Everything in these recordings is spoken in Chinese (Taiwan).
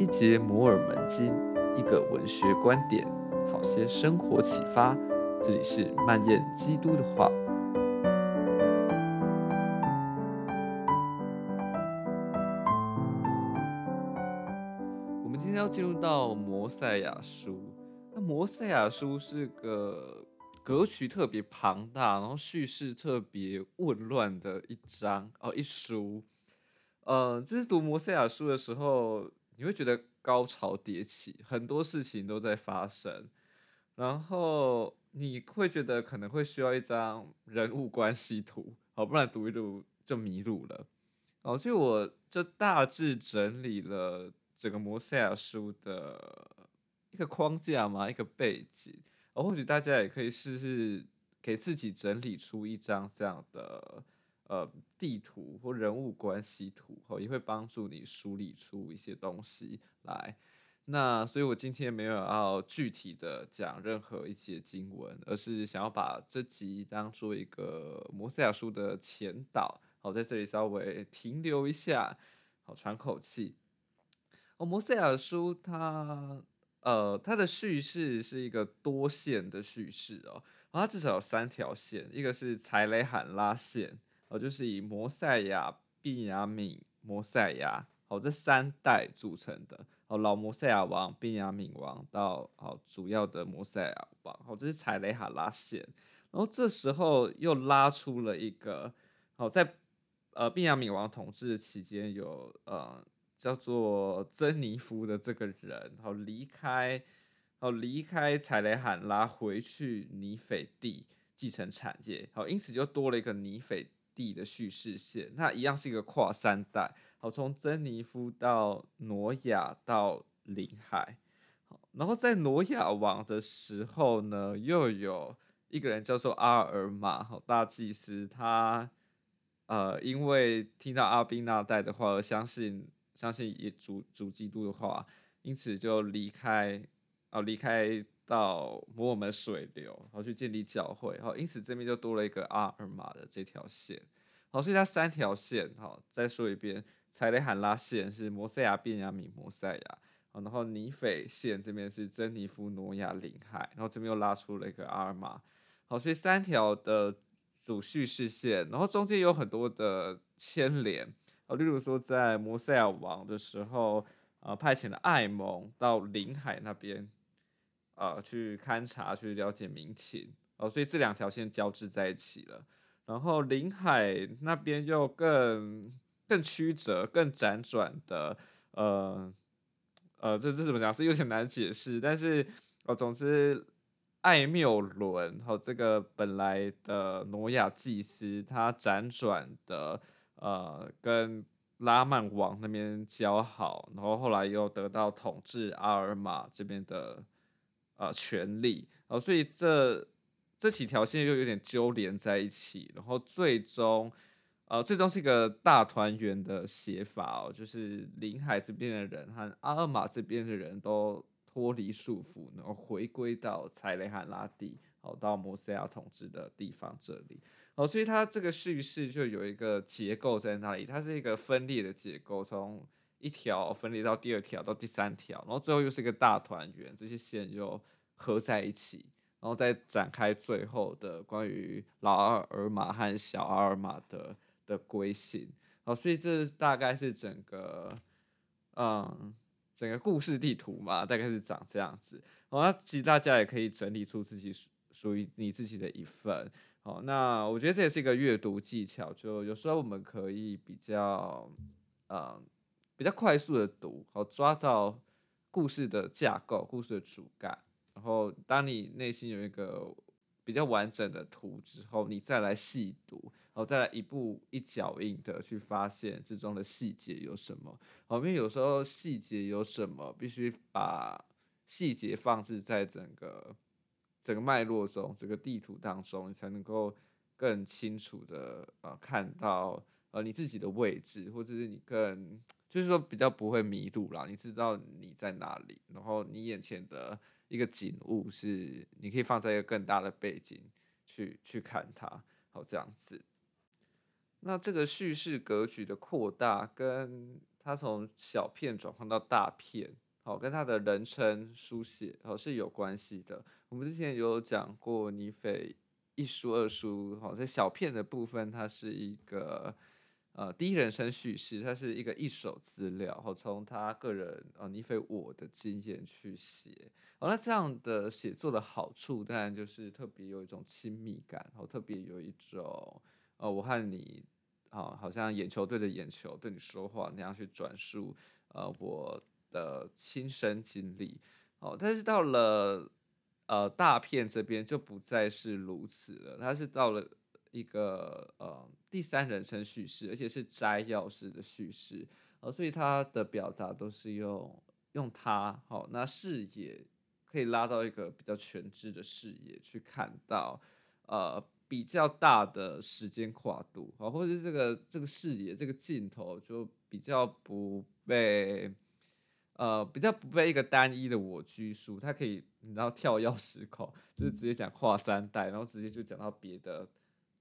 一節摩爾門經，一個文學觀點，好些生活啟發。這裡是曼念基督的話。我們今天要進入到摩賽亞書。那摩賽亞書是個格局特別龐大，然後敘事特別混亂的一章哦，一書。嗯、呃，就是讀摩賽亞書的時候。你會覺得高潮迭起，很多事情都在發生，然後你會覺得可能會需要一張人物關係圖，好，不然讀一讀就迷路了。哦，所以我就大致整理了整個摩賽亞書的一個框架嘛，一個背景，哦，或許大家也可以試試給自己整理出一張這樣的。呃，地圖或人物關係圖，好，也會幫助你梳理出一些東西來。那所以，我今天沒有要具體的講任何一些經文，而是想要把這集當做一個摩賽亞書的前導。好，在這裡稍微停留一下，好，喘口氣。哦，摩賽亞書它，呃，它的敘事是一個多線的敘事哦，它，至少有三條線，一個是柴雷罕拉線。哦，就是以摩賽亞、便雅憫、摩賽亞，好、哦，這三代組成的。哦，老摩賽亞王、便雅憫王到哦主要的摩賽亞王，好、哦，這是柴雷罕拉線。然後這時候又拉出了一個，好、哦，在呃便雅憫王統治期間有，有呃叫做珍妮夫的這個人，然、哦、後離開，哦，離開柴雷罕拉回去尼腓地繼承產業。好、哦，因此就多了一個尼腓地。地的敘事線，那一樣是一個跨三代，好，從珍妮夫到挪亞到林海，好，然後在挪亞王的時候呢，又有一個人叫做阿爾瑪，好，大祭司他，他呃，因為聽到阿賓那代的話而相信相信主主基督的話，因此就離開，哦，離開到摩爾門水流，然後去建立教會，然後因此這邊就多了一個阿爾瑪的這條線。好，所以它三條線，好，再說一遍，柴雷罕拉線是摩賽亞、便雅憫、摩賽亞，然後尼斐線這邊是珍妮弗、諾亞、林海，然後這邊又拉出了一個阿爾瑪，好，所以三條的主敘事線，然後中間有很多的牽連，啊，例如說在摩賽亞王的時候，呃，派遣了艾蒙到林海那邊，啊、呃，去勘察去了解民情，哦，所以這兩條線交織在一起了。然後林海那邊又更更曲折、更輾轉的，呃呃，這這怎麼講？是有點難解釋，但是哦，總之，艾繆倫和、哦、這個本來的挪亞祭司，他輾轉的呃，跟拉曼王那邊交好，然後後來又得到統治阿爾瑪這邊的呃權力，呃、哦、所以這。這幾條線又有點糾連在一起，然後最終，呃，最終是一個大團圓的寫法哦，就是林海這邊的人和阿爾瑪這邊的人都脫離束縛，然後回歸到柴雷罕拉，好、哦、到摩賽亞統治的地方這裡，哦，所以它這個敘事就有一個結構在那裡，它是一個分裂的結構，從一條分裂到第二條，到第三條，然後最後又是一個大團圓，這些線又合在一起。然後再展開最後的關於老阿爾瑪和小阿爾瑪的的歸行，哦，所以這大概是整個，嗯，整個故事地圖嘛，大概是長這樣子。好，那其實大家也可以整理出自己屬屬於你自己的一份。好，那我覺得這也是一個閱讀技巧，就有時候我們可以比較，嗯，比較快速的讀，好，抓到故事的架構，故事的主幹。然後，當你內心有一個比較完整的圖之後，你再來細讀，然後再來一步一腳印的去發現這中的細節有什麼哦。因為有時候細節有什麼，必須把細節放置在整個整個脈絡中、整個地圖當中，你才能夠更清楚的呃看到呃你自己的位置，或者是你更就是說比較不會迷路啦。你知道你在哪裡，然後你眼前的。一個景物是你可以放在一個更大的背景去去看它，好這樣子。那這個敘事格局的擴大，跟它從小片轉換到大片，好，跟他的人稱書寫，好，是有關係的。我們之前有講過，尼斐一書二書，好，在小片的部分，它是一個。呃，第一人稱敘事，它是一個一手資料，然、哦、後從他個人，呃、哦，你非我的經驗去寫，哦，那這樣的寫作的好處，當然就是特別有一種親密感，然、哦、後特別有一種，呃、哦，我和你，啊、哦，好像眼球對着眼球對你說話那樣去轉述，呃，我的親身經歷，哦，但是到了，呃，大片這邊就不再是如此了，它是到了。一個呃第三人稱敘事，而且是摘要式的敘事，呃，所以他的表達都是用用他好、哦，那視野可以拉到一個比較全知的視野去看到，呃，比較大的時間跨度，啊、哦，或者是這個這個視野這個鏡頭就比較不被呃比較不被一個單一的我拘束，他可以然後跳躍時空，就是直接講跨三代，然後直接就講到別的。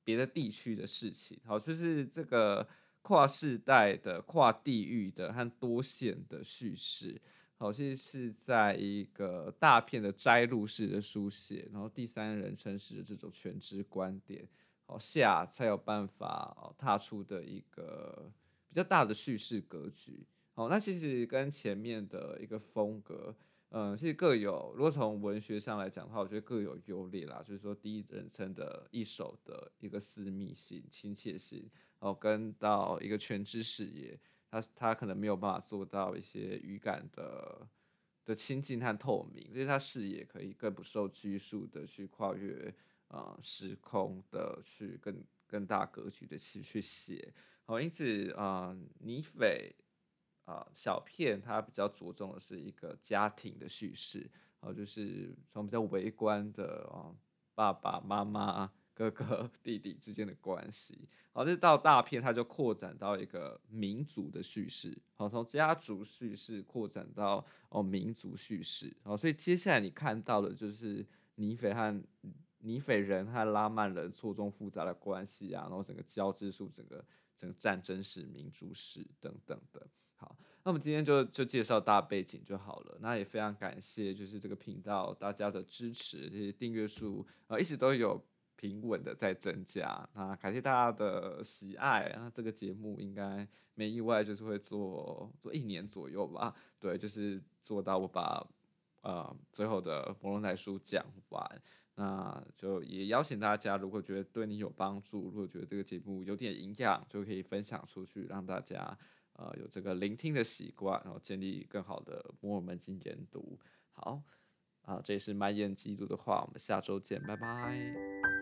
別的地區的事情，好，就是這個跨世代的、跨地域的和多線的敘事，好，其實是在一個大片的摘錄式的書寫，然後第三人稱式的這種全知觀點，好，下才有辦法哦踏出的一個比較大的敘事格局，好，那其實跟前面的一個風格。嗯，是各有，如果從文學上來講的話，它我覺得各有優劣啦。就是說，第一人稱的一手的一個私密性、親切性，哦，跟到一個全知視野，他他可能沒有辦法做到一些語感的的親近和透明，而且他視野可以更不受拘束的去跨越啊、嗯、時空的去更更大格局的去去寫。好、哦，因此啊、嗯，尼斐。啊，小片它比較着重的是一個家庭的敘事，然後就是從比較微觀的啊爸爸媽媽、哥哥、弟弟之間的關係，然後再到大片它就擴展到一個民族的敘事，好，從家族敘事擴展到哦民族敘事，好，所以接下來你看到的就是尼斐和尼斐人和拉曼人錯綜複雜的關係啊，然後整個交織出整個整個戰爭史、民族史等等的。好，那我們今天就就介紹大背景就好了。那也非常感謝，就是這個頻道大家的支持，就是訂閱數啊、呃、一直都有平穩的在增加。那感謝大家的喜愛啊，那這個節目應該沒意外就是會做做一年左右吧。對，就是做到我把呃最後的《摩羅乃書》講完。那就也邀請大家，如果覺得對你有幫助，如果覺得這個節目有點營養，就可以分享出去，讓大家。呃、有這個聆聽的習慣，然後建立更好的摩爾門經研讀。好，啊、呃，這也是賣眼基督的話。我們下周見，拜拜。